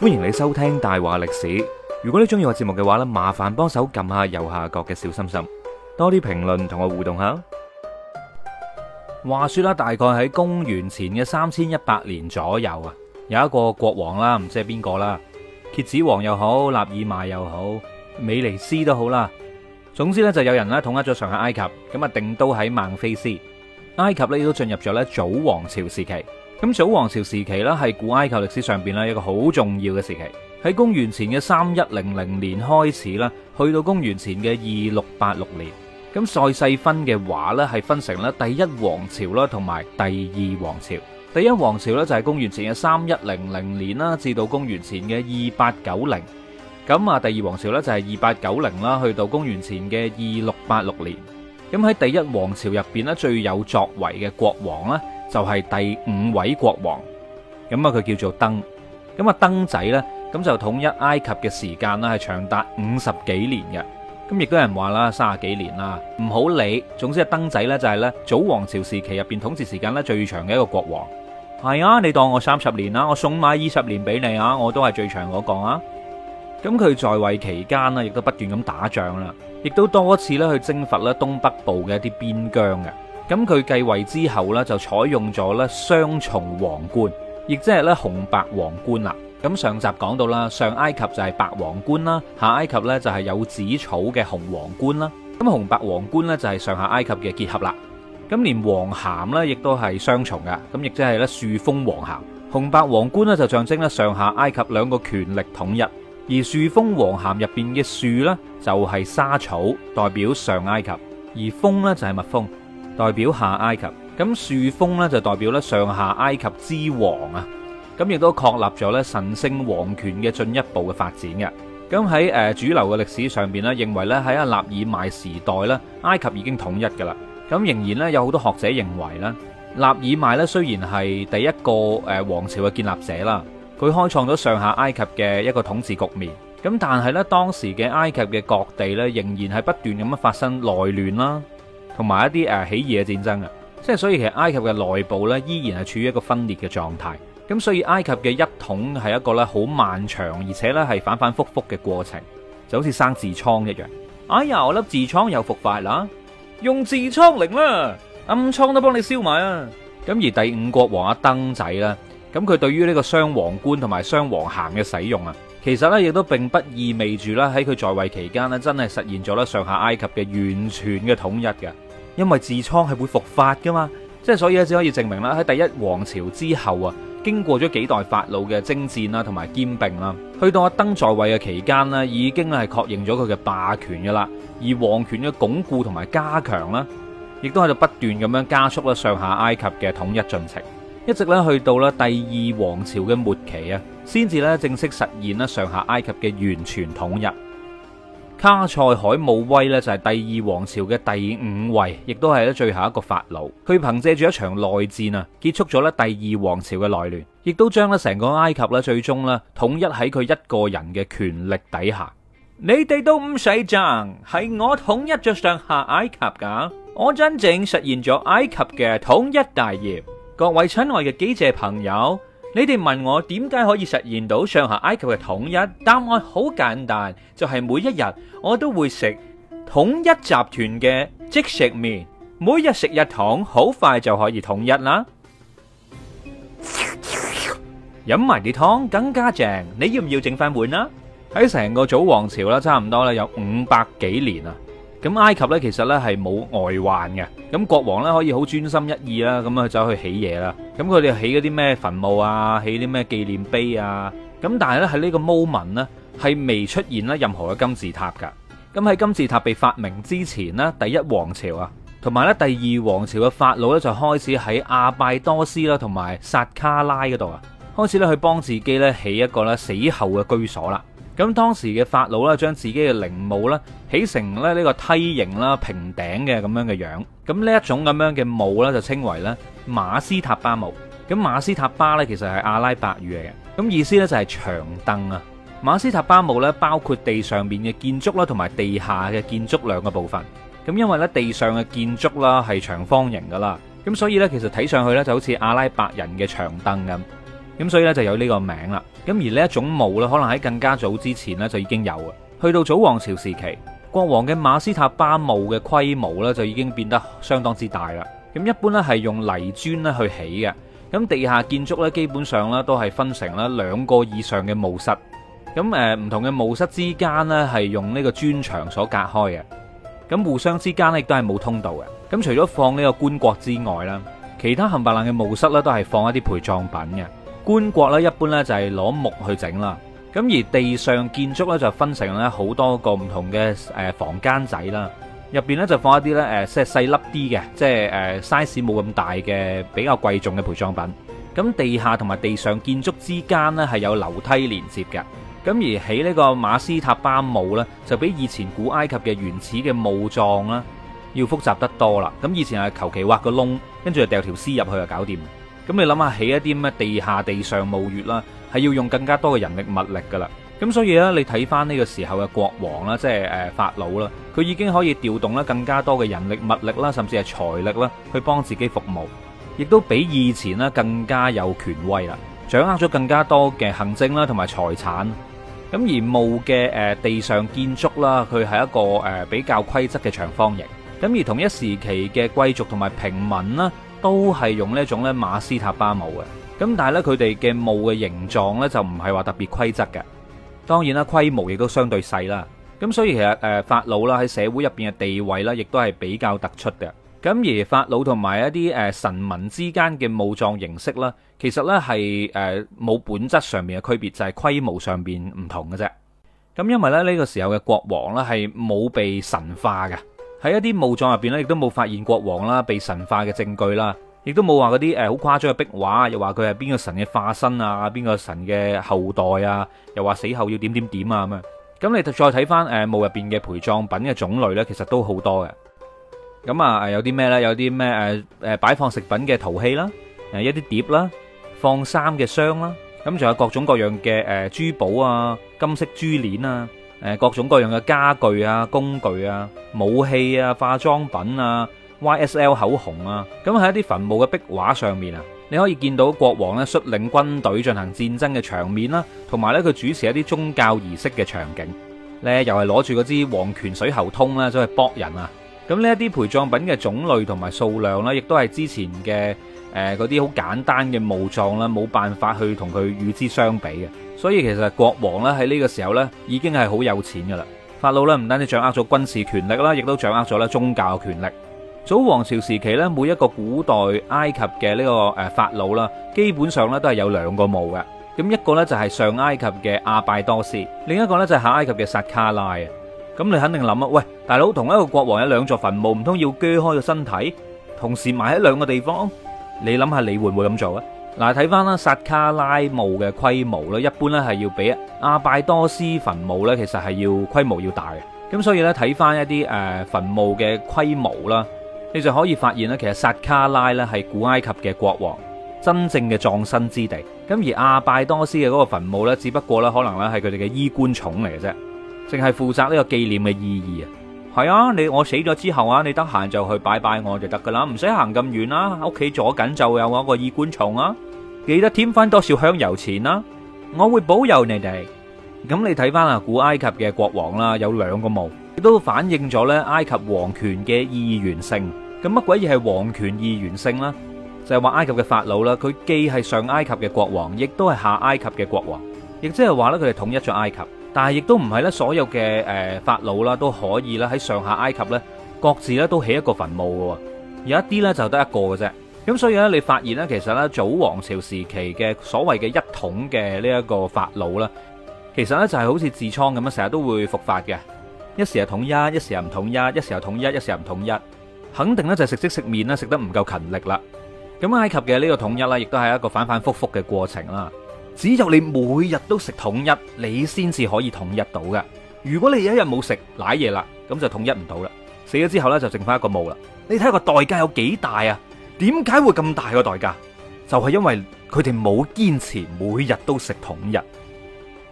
歡迎你收聽大話歷史。如果你中意我節目嘅話呢，麻煩幫手撳下右下角嘅小心心，多啲評論同我互動下。話說啦，大概喺公元前嘅三千一百年左右啊，有一個國王啦，唔知係邊個啦，蝎子王又好，納爾邁又好，美尼斯都好啦。總之呢，就有人咧統一咗上下埃及，咁啊定都喺孟菲斯。埃及呢，亦都進入咗呢早王朝時期。咁早王朝時期咧，係古埃及歷史上邊咧一個好重要嘅時期。喺公元前嘅三一零零年開始啦，去到公元前嘅二六八六年。咁再細分嘅話呢，係分成咧第一王朝啦，同埋第二王朝。第一王朝呢，就係公元前嘅三一零零年啦，至到公元前嘅二八九零。咁啊，第二王朝呢，就係二八九零啦，去到公元前嘅二六八六年。咁喺第一王朝入邊呢，最有作為嘅國王啦，就係第五位國王，咁啊佢叫做登，咁啊登仔呢，咁就統一埃及嘅時間啦，係長達五十幾年嘅，咁亦都有人話啦，三十幾年啦，唔好理，總之啊，登仔呢就係呢，早王朝時期入邊統治時間呢最長嘅一個國王，係啊，你當我三十年啦，我送埋二十年俾你啊，我都係最長嗰個啊，咁佢在位期間呢，亦都不斷咁打仗啦，亦都多次呢去征服呢東北部嘅一啲邊疆嘅。咁佢繼位之後呢，就採用咗咧雙重皇冠，亦即係咧紅白皇冠啦。咁上集講到啦，上埃及就係白皇冠啦，下埃及呢就係有紫草嘅紅皇冠啦。咁紅白皇冠呢就係上下埃及嘅結合啦。咁連王函呢亦都係雙重㗎，咁亦即係咧樹蜂王函。紅白皇冠呢就象徵咧上下埃及兩個權力統一，而樹蜂王函入邊嘅樹呢，就係沙草，代表上埃及，而蜂呢，就係蜜蜂。代表下埃及，咁樹峰呢就代表咧上下埃及之王啊，咁亦都確立咗咧神聖皇權嘅進一步嘅發展嘅。咁喺誒主流嘅歷史上邊咧，認為咧喺阿納爾邁時代咧，埃及已經統一噶啦。咁仍然呢，有好多學者認為咧，納爾邁咧雖然係第一個誒王朝嘅建立者啦，佢開創咗上下埃及嘅一個統治局面，咁但係呢，當時嘅埃及嘅各地呢，仍然係不斷咁樣發生內亂啦同埋一啲誒起義嘅戰爭啊，即係所以其實埃及嘅內部咧依然係處於一個分裂嘅狀態，咁所以埃及嘅一統係一個咧好漫長而且咧係反反覆覆嘅過程，就好似生痔瘡一樣。哎呀，我粒痔瘡又復發啦，用痔瘡靈啦，暗瘡都幫你燒埋啊！咁而第五國王阿、啊、登仔呢，咁佢對於呢個雙皇冠同埋雙王銜嘅使用啊，其實呢亦都並不意味住啦喺佢在位期間呢，真係實現咗咧上下埃及嘅完全嘅統一嘅。因為痔瘡係會復發噶嘛，即係所以咧只可以證明啦，喺第一王朝之後啊，經過咗幾代法老嘅征戰啦，同埋兼併啦，去到阿登在位嘅期間呢，已經咧係確認咗佢嘅霸權噶啦，而皇權嘅鞏固同埋加強啦，亦都喺度不斷咁樣加速啦上下埃及嘅統一進程，一直咧去到咧第二王朝嘅末期啊，先至咧正式實現咧上下埃及嘅完全統一。卡塞海姆威呢，就係第二王朝嘅第五位，亦都係咧最後一個法老。佢憑借住一場內戰啊，結束咗咧第二王朝嘅內亂，亦都將咧成個埃及呢，最終咧統一喺佢一個人嘅權力底下。你哋都唔使爭，係我統一咗上下埃及噶，我真正實現咗埃及嘅統一大業。各位親愛嘅記者朋友。你哋問我點解可以實現到上下埃及嘅統一？答案好簡單，就係每一日我都會食統一集團嘅即食麵，每日食一桶，好快就可以統一啦！飲埋啲湯更加正，你要唔要整翻碗啊？喺成個早王朝啦，差唔多啦，有五百幾年啦！咁埃及咧，其實咧係冇外患嘅，咁國王咧可以好專心一意啦，咁啊走去起嘢啦，咁佢哋起嗰啲咩墳墓啊，起啲咩紀念碑啊，咁但係咧喺呢個 moment，呢係未出現咧任何嘅金字塔㗎，咁喺金字塔被發明之前呢，第一王朝啊，同埋咧第二王朝嘅法老咧就開始喺阿拜多斯啦，同埋薩卡拉嗰度啊，開始咧去幫自己咧起一個咧死後嘅居所啦。咁當時嘅法老咧，將自己嘅陵墓咧起成咧呢個梯形啦、平頂嘅咁樣嘅樣。咁呢一種咁樣嘅墓咧，就稱為咧馬斯塔巴墓。咁馬斯塔巴咧，其實係阿拉伯語嚟嘅。咁意思呢就係長凳啊。馬斯塔巴墓咧，包括地上面嘅建築啦，同埋地下嘅建築兩個部分。咁因為咧地上嘅建築啦係長方形㗎喇，咁所以咧其實睇上去咧就好似阿拉伯人嘅長凳咁。咁所以咧就有呢個名啦。咁而呢一種墓咧，可能喺更加早之前呢，就已經有嘅。去到早王朝時期，國王嘅馬斯塔巴墓嘅規模呢，就已經變得相當之大啦。咁一般呢，係用泥磚咧去起嘅。咁地下建築呢，基本上呢，都係分成咧兩個以上嘅墓室。咁誒唔同嘅墓室之間呢，係用呢個磚牆所隔開嘅。咁互相之間呢，亦都係冇通道嘅。咁除咗放呢個棺椁之外啦，其他冚唪唥嘅墓室呢，都係放一啲陪葬品嘅。棺槨咧，國一般咧就係攞木去整啦。咁而地上建築咧就分成咧好多個唔同嘅、誒房間仔啦，入邊咧就放一啲咧誒即係細粒啲嘅，即係誒 size 冇咁大嘅比較貴重嘅陪葬品。咁地下同埋地上建築之間咧係有樓梯連接嘅。咁而喺呢個馬斯塔巴墓咧，就比以前古埃及嘅原始嘅墓葬啦要複雜得多啦。咁以前係求其挖個窿，跟住就掉條屍入去就搞掂。咁你諗下起一啲咩地下、地上墓穴啦，係要用更加多嘅人力物力噶啦。咁所以呢，你睇翻呢個時候嘅國王啦，即係誒法老啦，佢已經可以調動啦更加多嘅人力物力啦，甚至係財力啦，去幫自己服務，亦都比以前呢更加有權威啦，掌握咗更加多嘅行政啦同埋財產。咁而墓嘅誒地上建築啦，佢係一個誒比較規則嘅長方形。咁而同一時期嘅貴族同埋平民啦。都係用呢一種咧馬斯塔巴墓嘅，咁但係咧佢哋嘅墓嘅形狀咧就唔係話特別規則嘅，當然啦規模亦都相對細啦，咁所以其實誒法老啦喺社會入邊嘅地位咧，亦都係比較突出嘅。咁而法老同埋一啲誒神民之間嘅墓葬形式啦，其實咧係誒冇本質上面嘅區別，就係規模上邊唔同嘅啫，咁因為咧呢個時候嘅國王咧係冇被神化嘅。喺一啲墓葬入邊咧，亦都冇發現國王啦被神化嘅證據啦，亦都冇話嗰啲誒好誇張嘅壁畫，又話佢係邊個神嘅化身啊，邊個神嘅後代啊，又話死後要點點點啊咁啊。咁你就再睇翻誒墓入邊嘅陪葬品嘅種類咧，其實都好多嘅。咁啊，有啲咩咧？有啲咩誒誒，擺放食品嘅陶器啦，誒一啲碟啦，放衫嘅箱啦，咁仲有各種各樣嘅誒珠寶啊，金色珠鏈啊。誒各種各樣嘅家具啊、工具啊、武器啊、化妝品啊、YSL 口紅啊，咁喺一啲墳墓嘅壁畫上面啊，你可以見到國王呢率領軍隊進行戰爭嘅場面啦，同埋呢佢主持一啲宗教儀式嘅場景咧，又係攞住嗰支皇權水喉通啦，走去搏人啊！咁呢一啲陪葬品嘅種類同埋數量呢亦都係之前嘅誒嗰啲好簡單嘅墓葬啦，冇辦法去同佢與之相比嘅。所以其實國王咧喺呢個時候呢，已經係好有錢噶啦。法老呢，唔單止掌握咗軍事權力啦，亦都掌握咗咧宗教嘅權力。早王朝時期呢，每一個古代埃及嘅呢個誒法老啦，基本上呢都係有兩個墓嘅。咁一個呢，就係上埃及嘅阿拜多斯，另一個呢，就係下埃及嘅薩卡拉啊。咁你肯定諗啊，喂，大佬同一個國王有兩座墳墓，唔通要鋸開個身體，同時埋喺兩個地方？你諗下你會唔會咁做啊？嗱，睇翻啦，薩卡拉墓嘅規模咧，一般咧係要比阿拜多斯墳墓咧，其實係要規模要大嘅。咁所以咧睇翻一啲誒墳墓嘅規模啦，你就可以發現咧，其實薩卡拉咧係古埃及嘅國王真正嘅葬身之地。咁而阿拜多斯嘅嗰個墳墓咧，只不過咧可能咧係佢哋嘅衣冠冢嚟嘅啫。淨係負責呢個紀念嘅意義啊，係啊，你我死咗之後啊，你得閒就去拜拜我就得噶啦，唔使行咁遠啦，屋企左近就有我個衣冠冢啊，記得添翻多少香油錢啦，我會保佑你哋。咁你睇翻啊，古埃及嘅國王啦，有兩個墓，亦都反映咗咧埃及王權嘅二元性。咁乜鬼嘢係王權二元性啦？就係話埃及嘅法老啦，佢既係上埃及嘅國王，亦都係下埃及嘅國王，亦即係話咧佢哋統一咗埃及。但係亦都唔係咧，所有嘅，誒法老啦都可以啦，喺上下埃及咧，各自咧都起一個墳墓嘅，有一啲咧就得一個嘅啫。咁所以咧，你發現咧，其實咧，早王朝時期嘅所謂嘅一統嘅呢一個法老咧，其實咧就係好似痔瘡咁樣，成日都會復發嘅。一時又統一，一時又唔統一，一時又統一，一時又唔統一。肯定咧就係食即食麵啦，食得唔夠勤力啦。咁埃及嘅呢個統一咧，亦都係一個反反复复嘅過程啦。只有你每日都食統一，你先至可以統一到噶。如果你一日冇食瀨嘢啦，咁就統一唔到啦。死咗之後呢，就剩翻一個墓啦。你睇下個代價有幾大啊？點解會咁大個代價？就係因為佢哋冇堅持每日都食統一。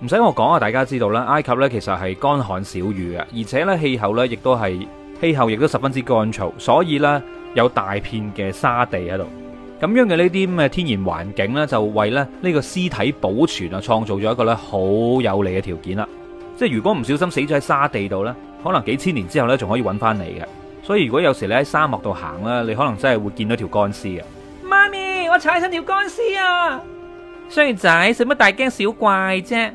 唔使我講啊，大家知道啦。埃及呢，其實係乾旱少雨嘅，而且呢氣候呢亦都係氣候亦都十分之乾燥，所以呢，有大片嘅沙地喺度。咁樣嘅呢啲咁嘅天然環境呢，就為咧呢個屍體保存啊，創造咗一個咧好有利嘅條件啦。即係如果唔小心死咗喺沙地度呢，可能幾千年之後呢，仲可以揾翻嚟嘅。所以如果有時你喺沙漠度行啦，你可能真係會見到條乾屍啊。媽咪，我踩親條乾屍啊！衰仔，使乜大驚小怪啫？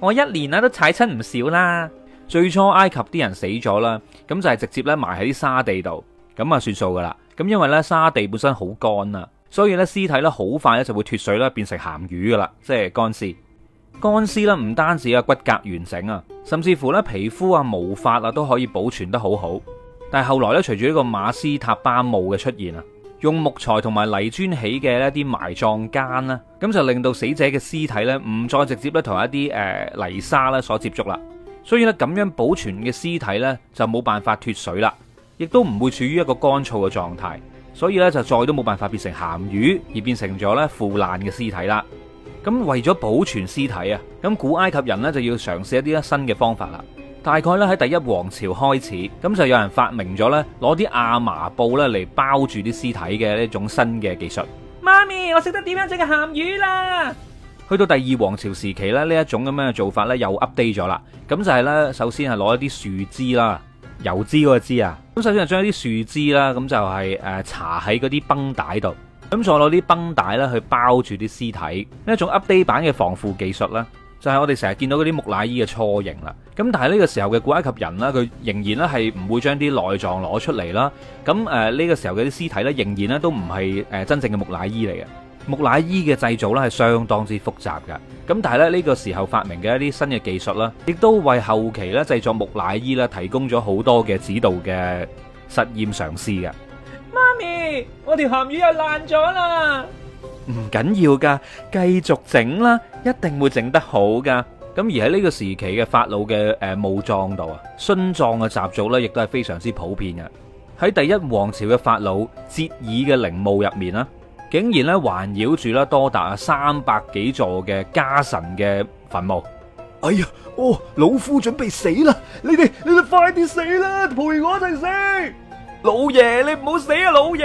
我一年啊都踩親唔少啦。最初埃及啲人死咗啦，咁就係直接咧埋喺啲沙地度，咁啊算數噶啦。咁因為呢，沙地本身好乾啊。所以咧，屍體咧好快咧就會脫水咧，變成鹹魚噶啦，即係乾屍。乾屍咧唔單止啊骨骼完整啊，甚至乎咧皮膚啊、毛髮啊都可以保存得好好。但係後來咧，隨住呢個馬斯塔巴墓嘅出現啊，用木材同埋泥磚起嘅一啲埋葬間啦，咁就令到死者嘅屍體咧唔再直接咧同一啲誒、呃、泥沙咧所接觸啦。所以咧咁樣保存嘅屍體咧就冇辦法脫水啦，亦都唔會處於一個乾燥嘅狀態。所以咧就再都冇辦法變成鹹魚，而變成咗咧腐爛嘅屍體啦。咁為咗保存屍體啊，咁古埃及人呢就要嘗試一啲新嘅方法啦。大概咧喺第一王朝開始，咁就有人發明咗咧攞啲亞麻布咧嚟包住啲屍體嘅呢種新嘅技術。媽咪，我識得點樣整嘅鹹魚啦！去到第二王朝時期咧，呢一種咁樣嘅做法咧又 update 咗啦。咁就係咧，首先係攞一啲樹脂啦，油脂嗰個脂啊。咁首先就將啲樹枝啦，咁就係誒搽喺嗰啲繃帶度，咁再攞啲繃帶咧去包住啲屍體，一種 update 版嘅防腐技術咧，就係我哋成日見到嗰啲木乃伊嘅初型啦。咁但係呢個時候嘅古埃及人呢，佢仍然咧係唔會將啲內臟攞出嚟啦。咁誒呢個時候嘅啲屍體咧，仍然咧都唔係誒真正嘅木乃伊嚟嘅。木乃伊嘅製造咧係相當之複雜噶咁但係咧呢個時候發明嘅一啲新嘅技術啦，亦都為後期咧製作木乃伊咧提供咗好多嘅指導嘅實驗嘗試嘅。媽咪，我條鹹魚又爛咗啦！唔緊要噶，繼續整啦，一定會整得好噶。咁而喺呢個時期嘅法老嘅誒墓葬度啊，殉葬嘅習俗咧，亦都係非常之普遍嘅。喺第一王朝嘅法老哲爾嘅陵墓入面啦。竟然咧環繞住咧多達三百幾座嘅家臣嘅墳墓。哎呀，哦，老夫準備死啦！你哋你哋快啲死啦，陪我一齊死！老爺，你唔好死啊，老爺！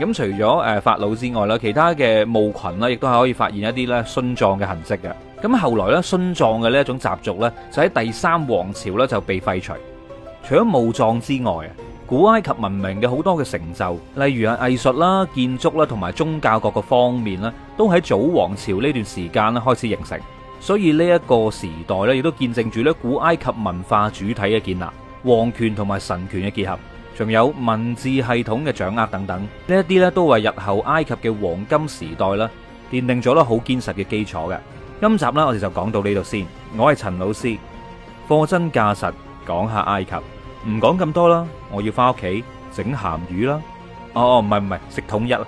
咁除咗誒法老之外啦，其他嘅墓群啦，亦都係可以發現一啲咧殉葬嘅痕迹嘅。咁後來咧殉葬嘅呢一種習俗咧，就喺第三王朝咧就被廢除。除咗墓葬之外。古埃及文明嘅好多嘅成就，例如係藝術啦、建築啦，同埋宗教各個方面啦，都喺早王朝呢段時間咧開始形成。所以呢一個時代咧，亦都見證住咧古埃及文化主體嘅建立、王權同埋神權嘅結合，仲有文字系統嘅掌握等等。呢一啲咧，都為日後埃及嘅黃金時代啦奠定咗咧好堅實嘅基礎嘅。今集啦，我哋就講到呢度先。我係陳老師，貨真價實講下埃及。唔講咁多啦，我要返屋企整鹹魚啦。哦哦，唔係唔係，食統一。